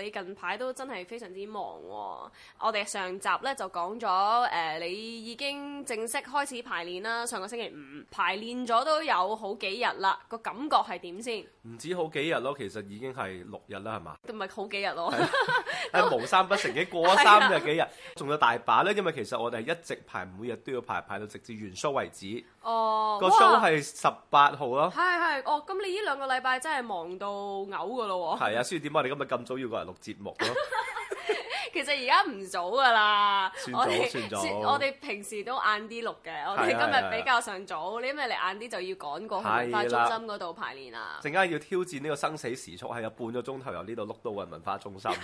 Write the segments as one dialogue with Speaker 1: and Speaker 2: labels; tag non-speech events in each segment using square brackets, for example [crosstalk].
Speaker 1: 你近排都真係非常之忙喎，哦！我哋上集咧就講咗、呃，你已經正式開始排練啦。上個星期五排練咗都有好幾日啦，個感覺係點先？
Speaker 2: 唔止好幾日咯，其實已經係六日啦，係嘛？
Speaker 1: 都唔係好幾日囉。係、
Speaker 2: 啊、 [laughs] 那無三不成幾過咗三日幾日，仲、啊、有大把咧。因為其實我哋係一直排，每日都要排，排到直至完 show 為止。
Speaker 1: 哦、呃，個那 show 係
Speaker 2: 十八號咯。
Speaker 1: 係係，哦，咁你呢兩個禮拜真係忙到嘔噶咯喎！係啊，所
Speaker 2: 以點解我哋今日咁早要個？錄節目咯。
Speaker 1: 其實而家唔早㗎啦，我哋我哋平時都晏啲錄嘅，的我哋今日比較上早。的你因為你晏啲就要趕過去文化中心嗰度的排練啦。
Speaker 2: 陣間要挑戰呢個生死時速，係有半個鐘頭由呢度碌到去文化中心。
Speaker 1: [laughs]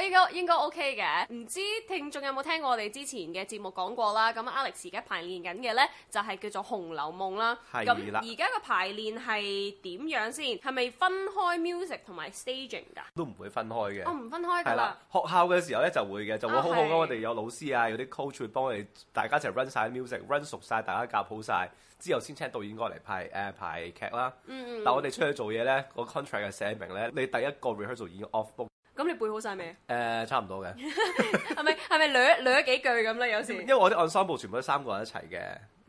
Speaker 1: 應該應該 OK 嘅，唔知道聽眾有冇聽過我哋之前嘅節目講過啦？咁 Alex 而家排練緊嘅咧，就係、是、叫做《紅樓夢》啦。咁而家嘅排練係點樣先？係咪分開 music 同埋 staging 㗎？
Speaker 2: 都唔會分開嘅。我唔、哦、分開㗎。係啦，學校嘅時之後咧就會嘅，就會好好咁。我哋有老師啊，有啲 coach 去幫我哋，大家一齊 run 晒 music，run 熟晒，大家夾好晒，之後先請導演過嚟排誒排劇啦。嗯嗯。
Speaker 3: 但我哋出
Speaker 2: 去做嘢咧，個 contract 寫明咧，你第一個 rehearsal 已經 off book。
Speaker 1: 咁你背好晒未？
Speaker 2: 誒，差唔多嘅。
Speaker 1: 係咪係咪捋捋幾句咁啦？有時。因
Speaker 2: 為我哋按三部全部都三個人一齊嘅，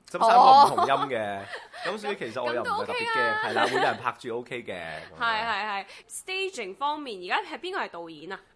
Speaker 2: 三三個唔同音嘅，咁所以其實我又唔係特別驚，係啦，會有人拍住 OK 嘅。係
Speaker 1: 係係，staging 方面而家係邊個係導演啊？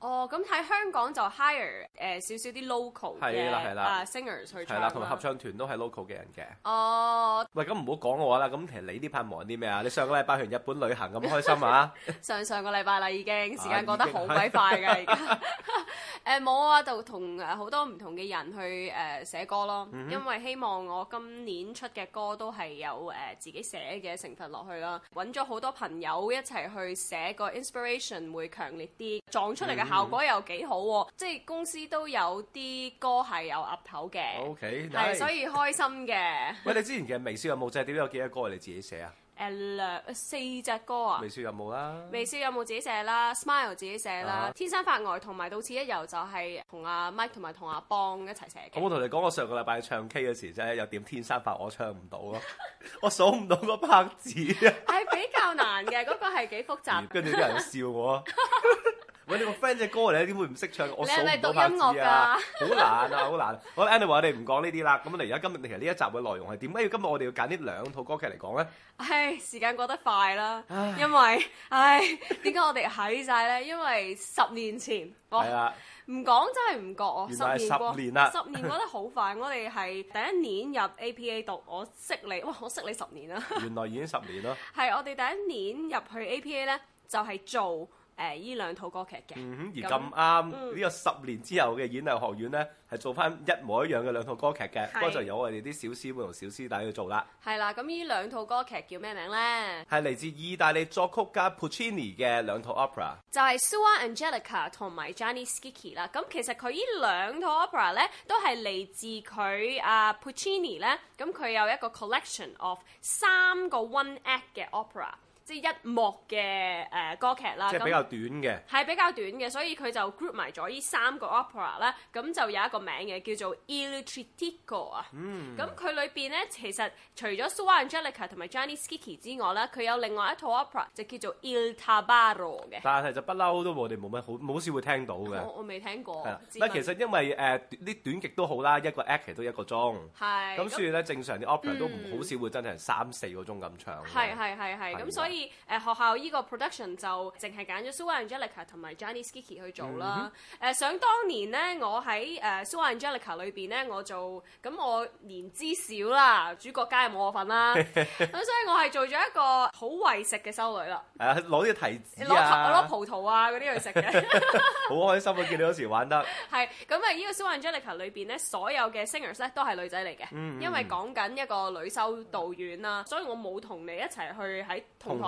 Speaker 1: 哦，咁喺香港就 hire 誒、呃、少少啲 local 嘅 singer 去唱，係啦，同埋合
Speaker 2: 唱團都係 local 嘅人嘅。
Speaker 1: 哦，
Speaker 2: 喂，咁唔好講我啦，咁其實你呢排忙啲咩啊？你上個禮拜去日本旅行咁開心啊？
Speaker 1: [laughs] 上上個禮拜啦，已經時間過得好鬼快㗎，而家誒冇啊，就同誒好多唔同嘅人去誒寫、呃、歌咯，因為希望我今年出嘅歌都係有誒、呃、自己寫嘅成分落去啦，揾咗好多朋友一齊去寫個 inspiration 會強烈啲，撞出嚟嘅。效果又幾好喎，啊，即係公司都有啲歌係有岌頭嘅，所以開心嘅。喂，你之
Speaker 2: 前嘅微笑任務即係點，有幾多個歌係你自己寫有
Speaker 1: 有啊？四隻歌啊！
Speaker 2: 微笑任務啦，微笑
Speaker 1: 任務自己寫啦，Smile 自己寫啦，uh huh. 天生發呆同埋到此一遊就係同阿 Mike 同埋同阿邦一齊寫嘅。
Speaker 2: 我冇同你講，我上個禮拜唱 K 嘅時真係又點？天生發我唱唔到咯， [laughs] 我數唔到個拍子
Speaker 1: 啊！係 [laughs] 比較難嘅，嗰、那個係幾複雜，跟住、嗯、有人笑
Speaker 2: 我。 [laughs] 喂，你個 friend 隻歌嚟，你點會唔識唱？我數唔到拍子啊！你係讀音樂㗎？好難啊，好難。好啦，anyway，我哋唔講呢啲啦。咁你而家今日其實呢一集嘅內容係點？因為今日我哋要揀呢兩套歌劇嚟講咧。
Speaker 1: 唉，時間過得快啦，因為唉，點解我哋喺曬咧？因為十年前，係啦，唔講真係唔覺哦。原來十年啦，十年過得好快。我哋係第一年入 APA 讀，我識你，哇！我識你十年啦。
Speaker 2: 原來已經十年啦。
Speaker 1: 係我哋第一年入去 APA 咧，就係做。誒，呢兩套歌
Speaker 2: 劇嘅、嗯，而咁啱呢個十年之後嘅演藝學院呢，係做翻一模一樣嘅兩套歌劇嘅，嗰是就有我哋啲小師妹同小師弟去做啦。
Speaker 1: 係啦，咁呢兩套歌劇叫咩名呢？
Speaker 2: 係嚟自意大利作曲家 Puccini 嘅兩套 opera，
Speaker 1: 就係 Suor Angelica 同埋 Gianni Schicchi 啦。咁其實佢呢兩套 opera 呢，都係嚟自佢、啊、Puccini 呢。咁佢有一個 collection of 三個 one act 嘅 opera。即一幕嘅誒歌劇啦，即係比較
Speaker 2: 短嘅，係
Speaker 1: 比較短嘅，所以佢就 group 埋咗呢三個 opera 啦。咁就有一個名嘅叫做 Il Trittico 啊。嗯，咁佢裏邊咧其實除咗 Suor Angelica 同埋 Gianni Schicchi 之外咧，佢有另外一套 opera 就叫做 Il Tabarro 嘅。
Speaker 2: 但係就不嬲都沒有我哋冇乜好，好少會聽到嘅。我我未聽
Speaker 1: 過。的問但其實因
Speaker 2: 為誒啲短劇都好啦，一個 act 都一個鐘。係的。咁所以咧，那正常啲 opera、嗯、都唔好少會真係三四個鐘咁唱。係
Speaker 1: 係係係。咁所以。誒學校依個 production 就淨係揀咗 Sue Angelica 同埋 Johnny Skiki 去做啦、嗯哼。誒想當年咧，我喺 Sue Angelica 裏面咧，我做咁我年資少啦，主角梗係冇我份啦。咁 [laughs] 所以我係做咗一個好為食嘅修女啦。
Speaker 2: 啊，攞啲提子、啊，攞攞葡
Speaker 1: 萄啊嗰啲去食
Speaker 2: 嘅。好 [laughs] 開心啊！見你嗰時玩得。
Speaker 1: 係咁啊！依個 Sue Angelica 裏面咧，所有嘅 singers 咧都係女仔嚟嘅，嗯嗯因為講緊一個女修道院啦，所以我冇同你一齊去喺同學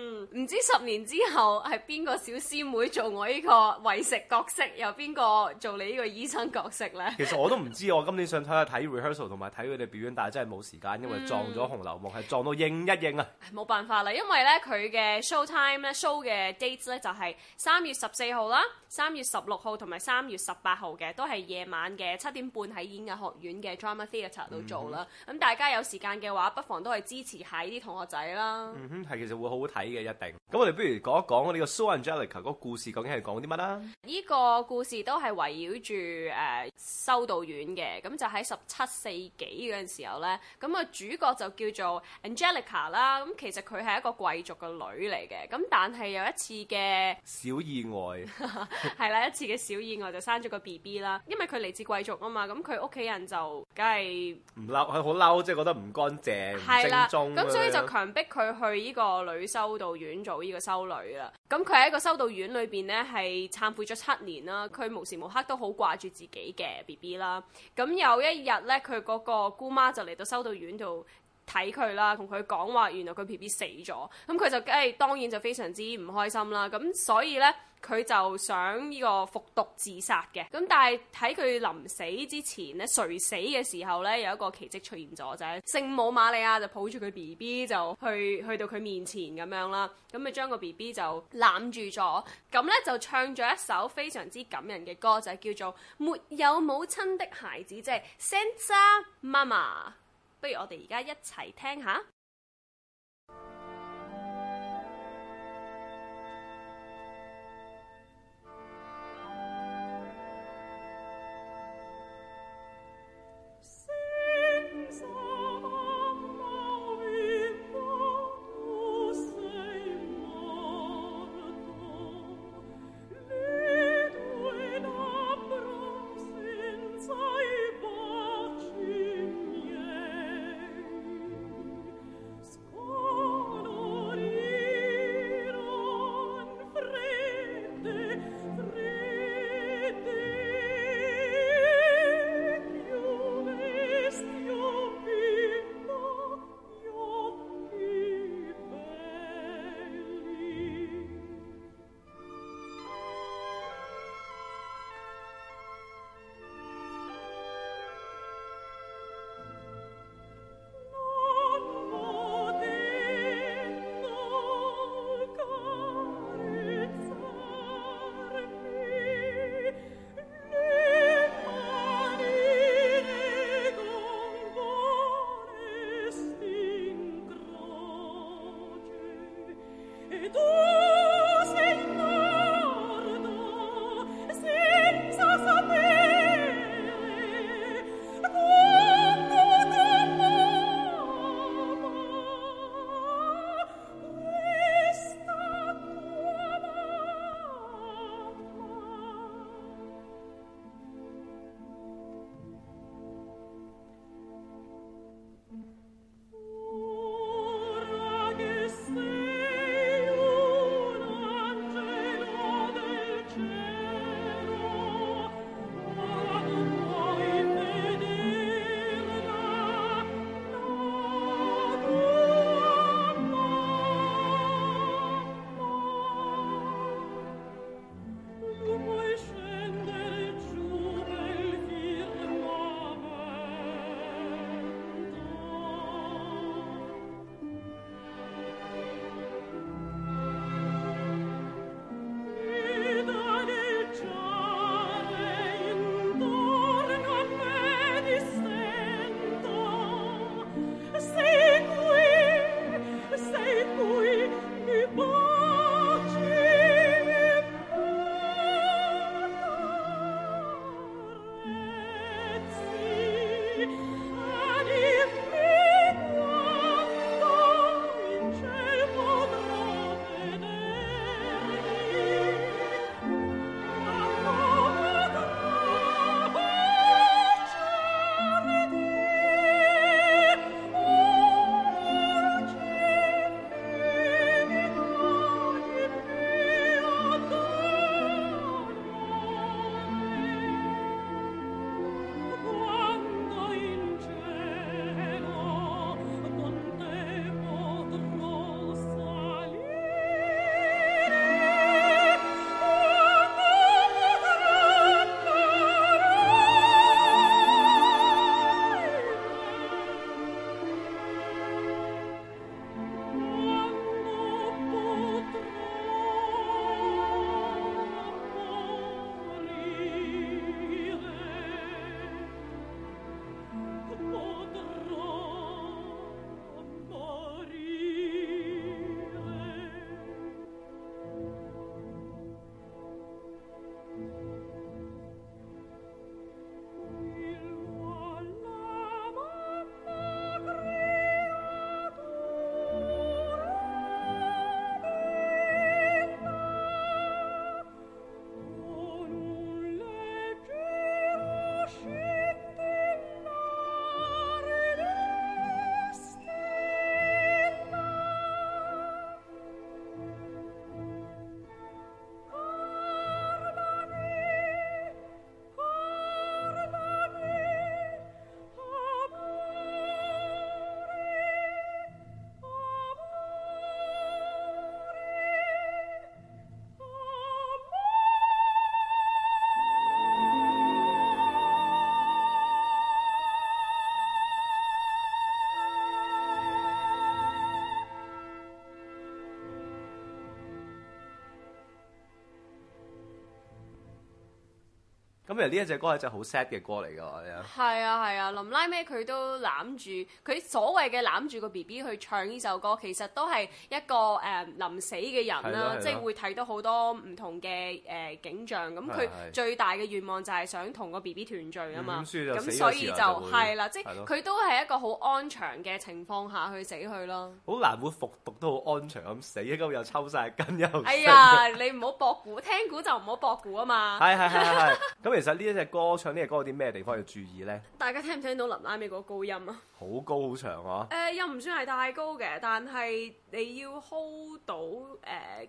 Speaker 1: 唔知十年之後係邊個小師妹做我呢個餵食角色，又邊個做你呢個醫生角色呢？其實
Speaker 2: 我都唔知啊！我今年想睇下睇 rehearsal 同埋睇佢哋表演，但係真係冇時間，因為撞咗《紅樓夢》，係撞到應一應啊！
Speaker 1: 冇辦法啦，因為呢，佢嘅 show time 呢，show 嘅 dates 呢，就係三月十四號啦、三月十六號同埋三月十八號嘅，都係夜晚嘅七點半喺演藝學院嘅 drama theatre 度做啦。咁，嗯哼，大家有時間嘅話，不妨都係支持下呢啲同學仔啦。嗯
Speaker 2: 哼，係其實會好好睇嘅。一定咁，我哋不如講一講呢個《Suor Angelica》個故事究竟係講啲乜啦？
Speaker 1: 呢個故事都係圍繞住誒、呃、修道院嘅，咁就喺十七世紀嗰陣時候咧，咁、個主角就叫做 Angelica 啦。咁其實佢係一個貴族嘅女嚟嘅，咁但係有一次嘅
Speaker 2: 小意外，
Speaker 1: 係啦， [laughs] 一次嘅小意外就生咗個 BB 啦。因為佢嚟自貴族啊嘛，咁佢屋企人就梗係唔
Speaker 2: 嬲，佢好嬲，即係覺得唔乾淨、唔的正宗咁，所以就強
Speaker 1: 迫佢去呢個女修道。院做呢個修女啦，咁佢喺一個修道院裏邊呢，係懺悔咗七年啦。佢無時無刻都好掛住自己嘅 B B 啦。咁有一日呢，佢嗰個姑媽就嚟到修道院度睇佢啦，同佢講話，原來佢 B B 死咗。咁佢就誒、哎，當然就非常之唔開心啦。咁所以呢。佢就想呢個服毒自殺嘅，咁但係喺佢臨死之前咧，垂死嘅時候呢，有一個奇蹟出現咗，就係聖母瑪利亞就抱住佢 B B 就去去到佢面前咁樣啦，咁咪將個 B B 就攬住咗，咁呢，就唱咗一首非常之感人嘅歌，就叫做沒有母親的孩子，即係 Santa Mama，不如我哋而家一齊聽下。
Speaker 2: 呢一隻歌係一隻好 sad 嘅歌嚟㗎，
Speaker 1: 係啊，係啊，臨拉尾，佢都攬住佢所謂嘅攬住個 B B 去唱呢首歌，其實都係一個誒臨、呃、死嘅人啦、啊，即係會睇到好多唔同嘅誒、呃、景象。咁佢最大嘅願望就係想同個 B B 團聚啊嘛。咁、嗯嗯、所以就係啦，即係佢都係一個好安詳嘅情況下去死去咯。
Speaker 2: 好難唔會服毒都好安詳咁死，咁又抽晒筋又。哎呀，
Speaker 1: 你唔好駁古，聽古就唔好駁古啊嘛。係係係咁其
Speaker 2: 實。呢一隻歌，唱呢隻歌有啲咩地方要注意咧？
Speaker 1: 大家聽唔聽到林拉美個高音啊？
Speaker 2: 好 [laughs] 高好長啊！誒、
Speaker 1: 呃、又唔算係太高嘅，但係。你要 hold 到誒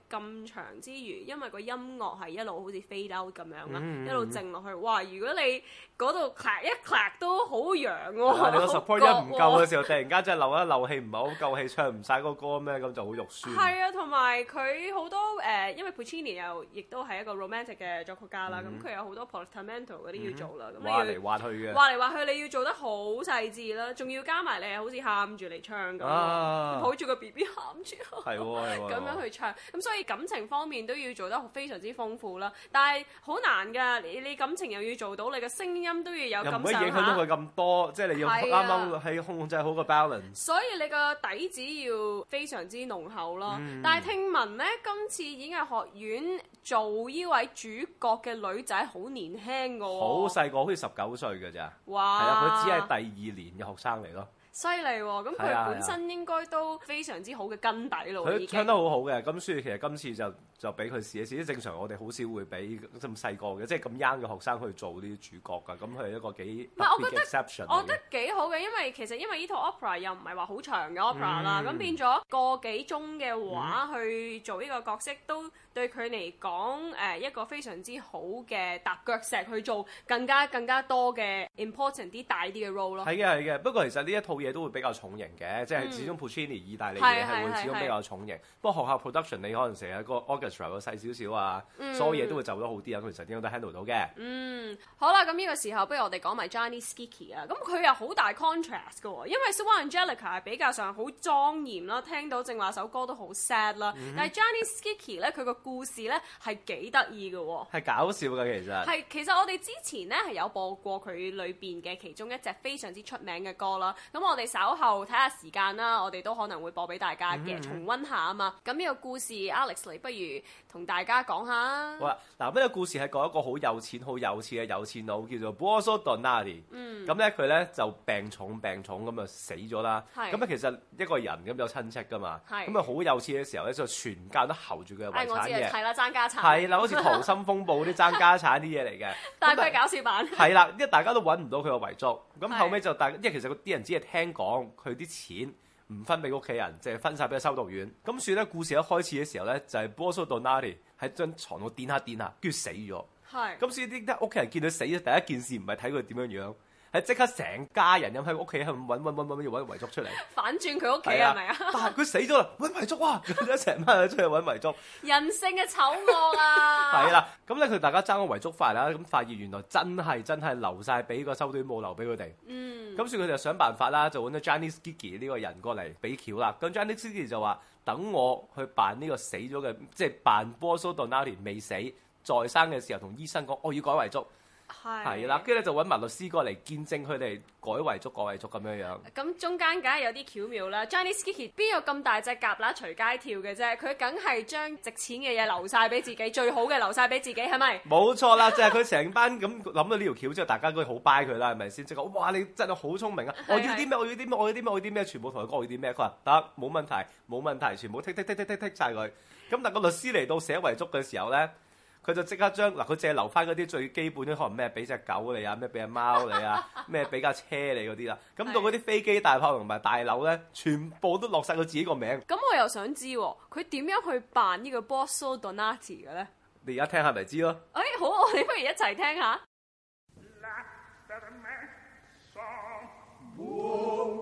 Speaker 1: 咁長之餘，因為個音樂係一路好似 fade out 咁樣啦，嗯、一路靜落去。哇！如果你嗰度 click 一 click 都好揚喎，你個 support、嗯、一唔夠嘅時
Speaker 2: 候， [laughs] 突然間即係漏一漏氣，唔係好夠氣，唱唔晒嗰個歌咩？咁就好肉酸。
Speaker 1: 係啊，同埋佢好多誒、呃，因為 Puccini 又亦都係一個 romantic 嘅作曲家啦，咁佢、嗯、有好多 portamento 嗰啲要做啦。滑嚟
Speaker 2: 滑去嘅。滑嚟
Speaker 1: 滑去，你要做得好細緻啦，仲要加埋你好似喊住嚟唱咁，抱住、啊、個 B B 喊。
Speaker 2: 諗咁 [laughs] 樣去
Speaker 1: 唱，咁所以感情方面都要做得非常之豐富啦。但係好難㗎，你你感情又要做到，你嘅聲音都要有，又唔可以影響到佢
Speaker 2: 咁多，的即係你要啱啱喺控制好個 balance。
Speaker 1: 所以你個底子要非常之濃厚咯。嗯、但係聽聞咧，今次演藝學院做呢位主角嘅女仔好年輕㗎喎，好
Speaker 2: 細個好似十九歲㗎咋，
Speaker 1: 係啊哇，佢只係第
Speaker 2: 二年嘅學生嚟咯。
Speaker 1: 犀利喎，咁佢、哦、本身應該都非常之好嘅根底咯，已經。佢唱得
Speaker 2: 好好嘅，咁所以其實今次就，就俾佢試一試，即正常我哋好少會俾咁細個嘅，即係咁 young 嘅學生去做呢啲主角噶，咁係一個幾，唔係我覺得，來我覺得
Speaker 1: 幾好嘅，因為其實因為呢套 opera 又唔係、嗯、話好長嘅 opera 啦，咁變咗個幾鐘嘅話去做呢個角色，都對佢嚟講一個非常之好嘅踏腳石，去做更加更加多嘅 important 啲大啲嘅 role 咯。係嘅
Speaker 2: 係嘅，不過其實呢一套嘢都會比較重型嘅，即係始終 Puccini 意大利嘢係會始終比較重型。嗯、不過學校 production 你可能成日個 August 細少少啊，嗯、所有嘢都會做得好啲啊，佢其實點樣都 handle 到嘅。
Speaker 1: 嗯，好啦，咁呢個時候不如我哋講埋 Johnny Skikey 啊，咁佢又好大 contrast 嘅喎、哦，因為 Suor Angelica 係比較上好莊嚴啦，聽到正話首歌都好 sad 啦，嗯、但係 Johnny Skikey 咧佢個故事咧係幾得意嘅喎，
Speaker 2: 係、哦、搞笑嘅其實。係，
Speaker 1: 其實我哋之前咧係有播過佢裏邊嘅其中一隻非常之出名嘅歌啦，咁我哋稍後睇下時間啦，我哋都可能會播俾大家嘅，重溫下啊嘛。咁呢、嗯、個故事 Alex 你不如。同大家講下
Speaker 3: 啊！哇，
Speaker 2: 嗱，呢個故事係講一個好有錢、好有錢嘅有錢佬，叫做 Bosodnady。嗯，咁咧佢咧就病重病重咁就死咗啦。係是。咁咧其實一個人咁有親戚噶嘛。係是。咁啊好有錢嘅時候咧，就全家都侯住佢嘅遺產嘅。係
Speaker 1: 啦，爭家產。係啦，好似溏
Speaker 2: 心風暴啲爭家產啲嘢嚟嘅。
Speaker 1: [laughs] 但係佢係搞笑版。係
Speaker 2: 啦，因為大家都揾唔到佢嘅遺囑，咁後尾就大，是因為其實啲人只係聽講佢啲錢。唔分俾屋企人，就係、是、分晒俾個修道院。所以故事一開始嘅時候咧，就係波蘇到 Nadi 喺床度顛下顛下，跟死咗。是所以點屋企人看到死咗第一件事唔是睇佢點樣樣？係即刻成家人入喺屋企，係搵搵搵搵，要搵遺囑出嚟。
Speaker 1: 反轉佢屋企係咪啊？是是啊但係
Speaker 2: 佢死咗啦，揾遺囑啊哇！一成班去出去搵遺囑。
Speaker 1: 人性嘅醜惡啊！
Speaker 3: 係啦，
Speaker 2: 咁咧佢大家爭緊遺囑翻啦，咁 [laughs] 發現原來真係真係留晒俾個修短毛留俾佢哋。嗯。咁所以佢哋想辦法啦，就搵咗 Gianni Schicchi 呢個人過嚟俾橋啦。咁 Gianni Schicchi 就話：等我去扮呢個死咗嘅，即係扮 Buoso Donati 未死再生嘅時候，同醫生講：我、哦、要改遺囑。係，啦，跟住咧就揾埋律師過嚟見證佢哋改遺囑、改遺囑咁樣樣。
Speaker 1: 咁中間梗係有啲巧妙啦，Johnny Suki 邊有咁大隻蛤乸隨街跳嘅啫？佢梗係將值錢嘅嘢留晒俾自己，最好嘅留晒俾自己，係咪？
Speaker 2: 冇錯啦， [laughs] 就係佢成班咁諗到呢條橋之後，大家都好掰佢啦，係咪先？即係話，哇！你真係好聰明啊！是的 我要啲咩？我要啲咩？我要啲咩？我要啲咩？全部同佢講我要啲咩？佢話得，冇問題，冇問題，全部剔剔剔剔剔剔晒佢。咁但個律師嚟到寫遺囑嘅時候咧。佢就即刻將嗱，佢淨係留翻嗰啲最基本啲可能咩，俾隻狗你啊，咩俾隻貓你啊，咩俾 [laughs] 架車你嗰啲啦。咁到嗰啲飛機、大炮同埋大樓咧，全部都落晒佢自己個名。
Speaker 1: 咁、嗯、我又想知喎，佢點樣去扮呢個、so、的呢個 Bosso Donati 嘅咧？
Speaker 2: 你而家聽下咪知咯。
Speaker 1: 哎，好，我哋不如一齊聽下。 [music]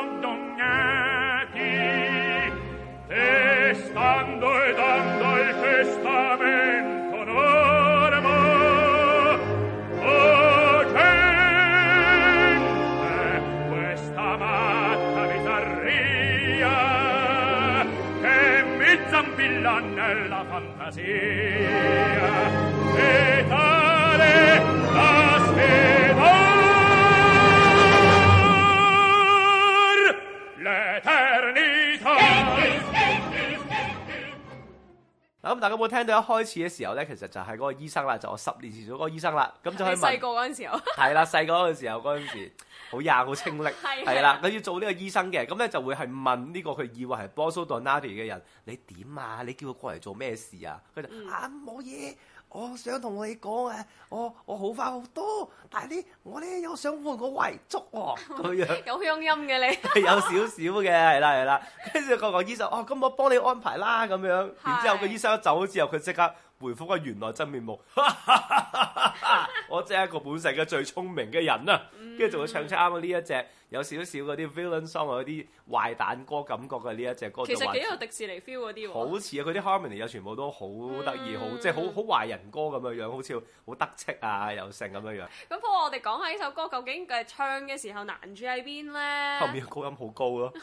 Speaker 2: 大家有冇聽到一開始嘅時候咧？其實就係嗰個醫生啦，就我十年前做嗰個醫生啦。咁就去問細個嗰時候，係 [laughs] 啦，細個嗰時候，嗰陣時好廿好清力，係啦的。佢要做呢個醫生嘅，咁咧就會係問呢個佢以為係 Bosu o n a t i 嘅人，你點啊？你叫佢過嚟做咩事啊？佢就、嗯、啊冇嘢。我想同你講誒，我我好快好多，但係啲我咧又想換個遺囑喎、哦，咁樣 [laughs]
Speaker 1: 有鄉音嘅你 [laughs]
Speaker 2: [laughs] 有少少嘅，係啦係啦，跟住個個醫生哦，咁我幫你安排啦，咁樣，的然之後個醫生一走之後，佢即刻。回覆啊，原來真面目，哈哈哈哈我真係一個本性嘅最聰明嘅人啊，跟住仲會唱出啱啱呢一隻有少少嗰啲 villain song 嗰啲壞蛋歌感覺嘅呢一隻歌，其實幾有
Speaker 1: 迪士尼 feel 嗰啲喎，好
Speaker 2: 似啊佢啲 harmony 又全部都、嗯、好得意，好即係好好壞人歌咁樣樣，好似好得戚啊又成咁樣樣。
Speaker 1: 咁不過我哋講下呢首歌究竟佢唱嘅時候難處喺邊咧？後面
Speaker 2: 個高音好高咯。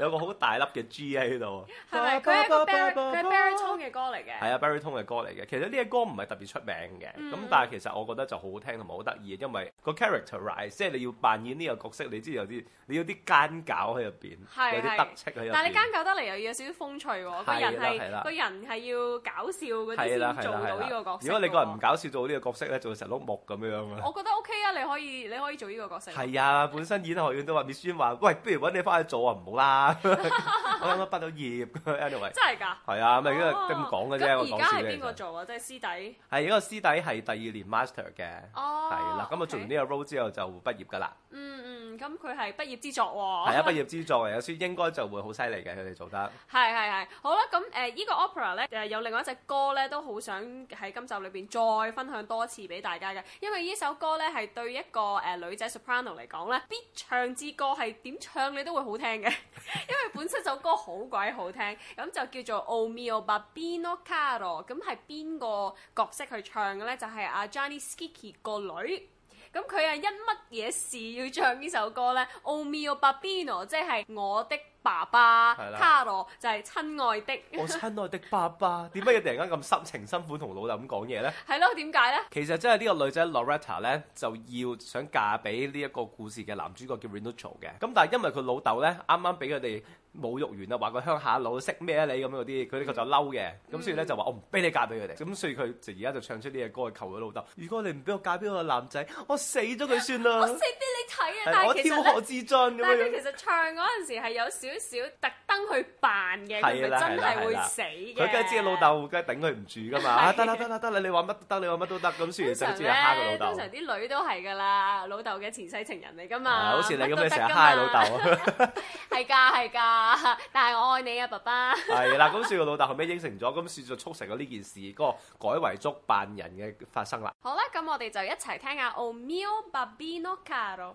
Speaker 2: 有個好大粒嘅 G A 喺度，係咪？佢係一個 baritone
Speaker 1: 嘅歌嚟嘅，
Speaker 2: 係啊，baritone 嘅歌嚟嘅。其實呢個歌唔係特別出名嘅，咁但係其實我覺得就好好聽同埋好得意，因為個 characterize，即係你要扮演呢個角色，你知有啲你有啲奸狡喺入邊，有啲得戚喺入邊。但係你奸
Speaker 1: 狡得嚟又有少少風趣喎，個人係，個人係要搞笑嗰啲先做到呢個角色。如果你個人唔
Speaker 2: 搞笑，做呢個角色咧，做成碌木咁樣啊。我
Speaker 1: 覺得 OK 啊，你可以你可以做呢個角
Speaker 2: 色。係啊，本身演學院都話，Miss 宣話，喂，不如揾你翻去做啊，唔好啦。 [laughs] 我啱啱畢到業，Anyway，真係噶，係啊，咪因為咁講嘅啫。我而家係邊個做啊？
Speaker 1: 即係師弟，
Speaker 2: 係果個師弟係第二年 master 嘅，哦，係啦。咁我做完呢個 role 之後就畢業噶啦，哦。嗯嗯。
Speaker 1: 咁佢係畢業之作喎。哦，係啊！ [laughs] 畢
Speaker 2: 業之作，有書應該就會好犀利嘅，佢哋做得
Speaker 1: 係係係。好啦，咁、呃這個、呢依個 opera 咧，誒、呃、有另外一隻歌咧，都、呃、好想喺今集裏面再分享多次俾大家嘅，因為呢首歌咧係對一個、呃、女仔 soprano 嚟講咧必唱之歌，係點唱你都會好聽嘅，因為本身首歌好鬼好聽，咁 [laughs] 就叫做 O mio babbino caro。咁係邊個角色去唱嘅咧？就係、是、阿、啊、Gianni Schicchi 個女。咁佢係因乜嘢事要唱呢首歌呢？O mio babbino 即係我的爸爸，的《Caro》就係親愛的。我親
Speaker 2: 愛的爸爸，點解 [laughs] 佢突然間咁深情、辛苦同老豆咁講嘢呢？
Speaker 1: 係咯，點解呢？
Speaker 2: 其實真係呢個女仔 Loretta 呢，就要想嫁俾呢一個故事嘅男主角叫 Renato 嘅。咁但係因為佢老豆呢，啱啱俾佢哋，侮辱完啦，話個鄉下佬識咩啊你？咁嗰啲，佢呢個就嬲嘅，咁、嗯、所以咧就話我唔俾你嫁俾佢哋，咁、嗯、所以佢就而家就唱出呢隻歌去求佢老豆。如果你唔俾我嫁俾個男仔，我死咗佢算啦！我死
Speaker 1: 俾你睇啊！的但我跳河之
Speaker 2: 尊咁樣。但係其實
Speaker 1: 唱嗰陣時係有少少特。 [laughs] 登去扮嘅佢真係會死嘅，佢梗係
Speaker 2: 知老豆梗係頂佢唔住噶嘛，得啦得啦得啦，你話乜得，你話乜都得，咁於是就開始蝦個老豆。通常
Speaker 1: 啲女都係噶啦，老豆嘅前世情人嚟噶嘛，好似你咁佢成日蝦老豆，係㗎係㗎，但係我愛你啊爸爸。係
Speaker 2: 啦，咁算是個老豆後尾應承咗，咁算是就促成咗呢件事，嗰個改遺囑扮人嘅發生啦。
Speaker 1: 好啦，咁我哋就一齊聽下《O mio babbino caro》。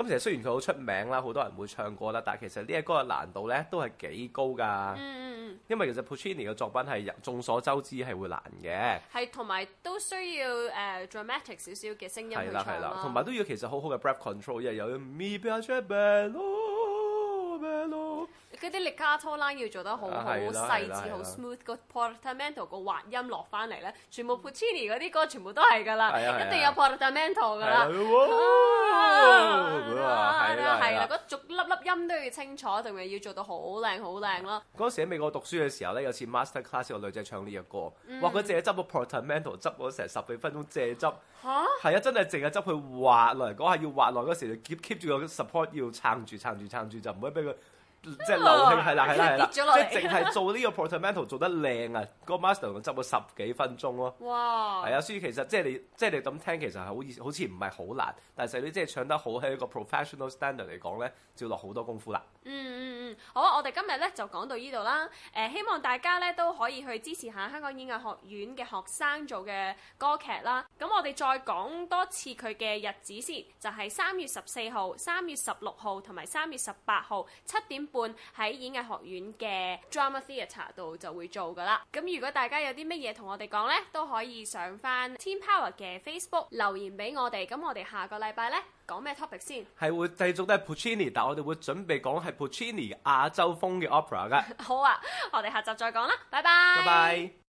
Speaker 2: 咁其實雖然佢好出名啦，好多人會唱歌啦，但係其實呢一首歌嘅難度咧都係幾高㗎。嗯嗯嗯。因為其實 Puccini 嘅作品係眾所周知係會難嘅。
Speaker 1: 係，同埋都需要誒 dramatic 少少嘅聲音。係啦，係啦。同埋
Speaker 2: 都要其實好好嘅 breath control，因為有 mi bello。
Speaker 1: 嗰啲力加拖拉要做得好好細緻，好 smooth 個 portamento 個滑音落翻嚟咧，全部 Puccini 嗰啲歌全部都係㗎啦，一定有 portamento 㗎啦，係
Speaker 4: 啦
Speaker 2: 係啦，嗰
Speaker 1: 逐粒粒音都要清楚，同埋要做到好靚好靚咯。
Speaker 2: 嗰時喺美國讀書嘅時候咧，有次 master class 個女仔唱呢個歌，哇！佢淨係執個 portamento 執咗成十幾分鐘，借汁。吓？係啊，真係淨係執去滑落嚟。講下要滑落嗰時 keep keep 住個 support 要撐住撐住撐住，就唔可以俾佢。即係流興係啦係啦係啦，oh, 即係淨係做呢個 portamento 做得靚啊！個 master 執咗十幾分鐘咯。
Speaker 1: 哇！
Speaker 3: 係啊，
Speaker 2: 所以其實即係你即係你咁聽，其實係好似好似唔係好難。但係如果你真係唱得好，喺一個 professional standard 嚟講咧，照落好多功夫啦。嗯嗯
Speaker 1: 嗯，好，啊，我哋今日咧就講到呢度啦。誒、呃，希望大家咧都可以去支持下香港演藝學院嘅學生做嘅歌劇啦。咁我哋再講多次佢嘅日子先，就係、是、三月十四號、三月十六號同埋三月十八號七點半喺演藝學院嘅 Drama Theatre 度就會做噶啦。咁如果大家有啲乜嘢同我哋講呢，都可以上翻 Team Power 嘅 Facebook 留言俾我哋。咁我哋下個禮拜呢，講咩 topic 先？
Speaker 2: 係會繼續都係 Puccini，但我哋會準備講係 Puccini 亞洲風嘅 Opera 噶。
Speaker 1: [laughs] 好啊，我哋下集再講啦，拜拜。拜拜。